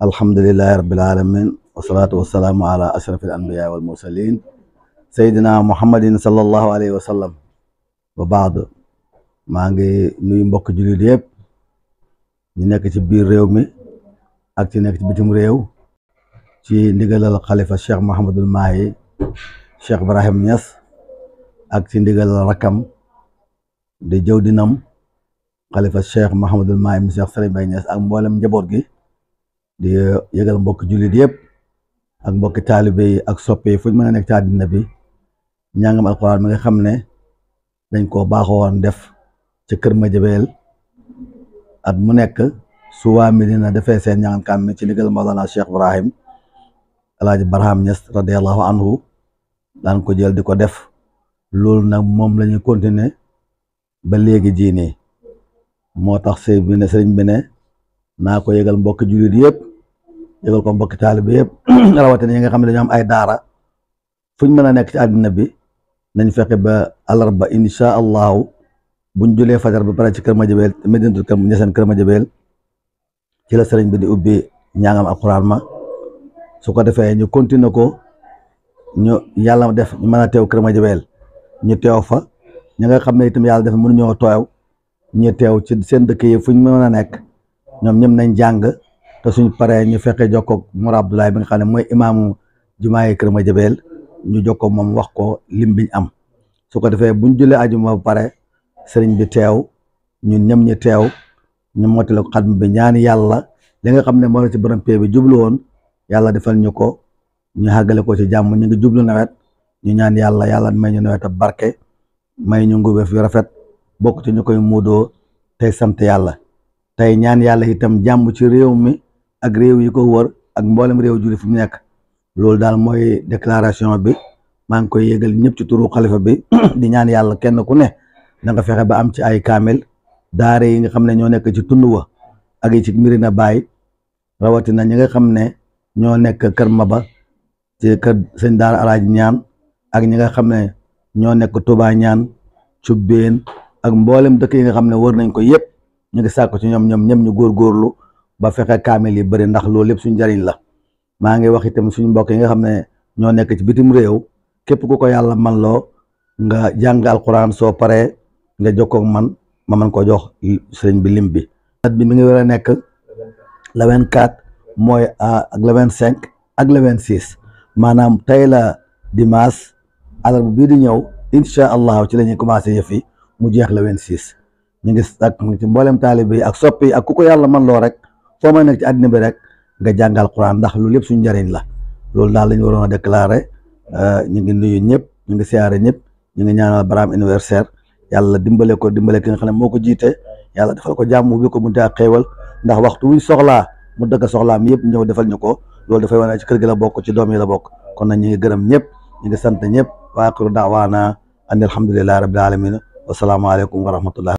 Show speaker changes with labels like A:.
A: alhamdulillahi rabbil alamin wasalaatu wasalaamu ala ashrafil anbiya wal mursalin sayyidina muhammadin sallallahu alayhi wa sallam ba baad maa ngi nuyu mbokk jullit yëpp ñu nekk ci biir réew mi ak ci nekk ci bitim réew ci ndigalal xalifa cheikh mahamadul maahi cheikh ibrahim Niass ak ci ndigalal rakkam di jëw dinam xalifa cheikh mahamadul maahi mi cheikh sëriñ bay Niass ak mboolem njaboot gi di yëgal mbokk jullit yépp ak mbokki taalibe yi ak soppe fu ñu mën a nekk ci àddina bi ñaangam alxuraan mi nga xam ne dañ koo baaxoo woon def ci kër ma Madiabel at mu nekk su waa Medina defee seen ñaangam kàmm ci ndigal Mawlana Cheikh Ibrahim Alaaji Barham Niass radiyallahu anhu daan ko jël di ko def loolu nag moom la ñuy ba léegi jii nii moo tax sëñ bi ne sëriñ bi ne naa ko yëgal mbokki jullit yëpp yëgal ko mbokki taalibe yëpp rawatina ñi nga xam ne dañoo am ay daara fuñ mën a nekk ci àddina bi nañ fexe ba àllarba insha allahu buñ julee fajar bi pare ci kër Madiabel Medinatul kër ñeseen kër ma ci la sëriñ bi di ubbi ñaangam alquran ma su ko defee ñu continuer ko ñu yàlla def ñu mën a teew kër ma Madiabel ñu teew fa ñi nga xam ne itam yàlla def mënu ñëw teew ñu teew ci seen dëkk yi ñu mën a nekk ñoom ñëpp nañ jàng te suñ paree ñu fekkee jokkoo Moura Abdoulaye bi nga xam ne mooy imaamu jumaaye Kër Madiabel ñu jokkoo moom wax ko lim biñ am su ko defee buñ jullee ajuma bu pare sëriñ bi teew ñun ñëm ñu teew ñu mottale ko xatma bi ñaan yàlla li nga xam ne moo ci borom pee bi jublu woon yàlla defal ñu ko ñu xàggale ko ci jàmm ñu ngi jublu nawet ñu ñaan yàlla yàlla may ñu nawet barke may ñu ngubeef yu rafet bokk ci ñu koy muudoo tey sant yàlla tey ñaan yàlla itam jàmm ci réew mi ak réew yi ko wër ak mboolem réew julli fu mu nekk loolu daal mooy déclaration bi maa ngi koy yëgal ñëpp ci turu xalifa bi di ñaan yàlla kenn ku ne da nga fexe ba am ci ay kaamil daare yi nga xam ne ñoo nekk ci tund wa ak yi ci Medina rawatina ñi nga xam ne ñoo nekk kër Maba ci kër sëñ Daara Alaaji ñaan ak ñi nga xam ne ñoo nekk Touba ñaan Cubbeen ak mboolem dëkk yi nga xam ne wër nañ ko yëpp ñu ngi saako ci ñoom ñoom ñëpp ñu góor góorlu ba fexe kaamil yi bëri ndax loolu lépp suñu njariñ la maa ngi wax itam suñu mbokk yi nga xam ne ñoo nekk ci bitim réew képp ku ko yàlla man loo nga jàng alquran soo paree nga jokkoog man ma man ko jox sëriñ bi lim bi date bi mi ngi war a nekk le vingt quatre mooy ak le vingt cinq ak le vingt six maanaam tey la dimanche bu bii di ñëw incha allah ci la ñuy commencé yëf yi mu jeex la vingt six ñu ngi ak ci mboolem taalibe yi ak soppi ak ku ko yàlla man loo rek foo may nekk ci àddina bi rek nga jàngal Qur'an ndax lool lépp suñu njariñ la loolu daal la ñu waroon a déclaré euh, ñu ngi nuyu ñëpp ñu ngi siyaare ñëpp ñu ngi ñaanal Braham anniversaire yàlla dimbale ko dimbale ki nga xam ne moo ko jiite yàlla defal ko jàmm bi ko munte ak ndax waxtu wuñ soxlaa mu dëgg soxlaam yëpp ñëw defal ñu ko loolu dafay wane ci kër gi la bokk ci doom yi la bokk kon na ñu ngi gërëm ñëpp ñu ngi sant ñëpp wa axiru daawaana an alhamdulillahi rabbil alamin wasalaamaaleykum wa rahmatullah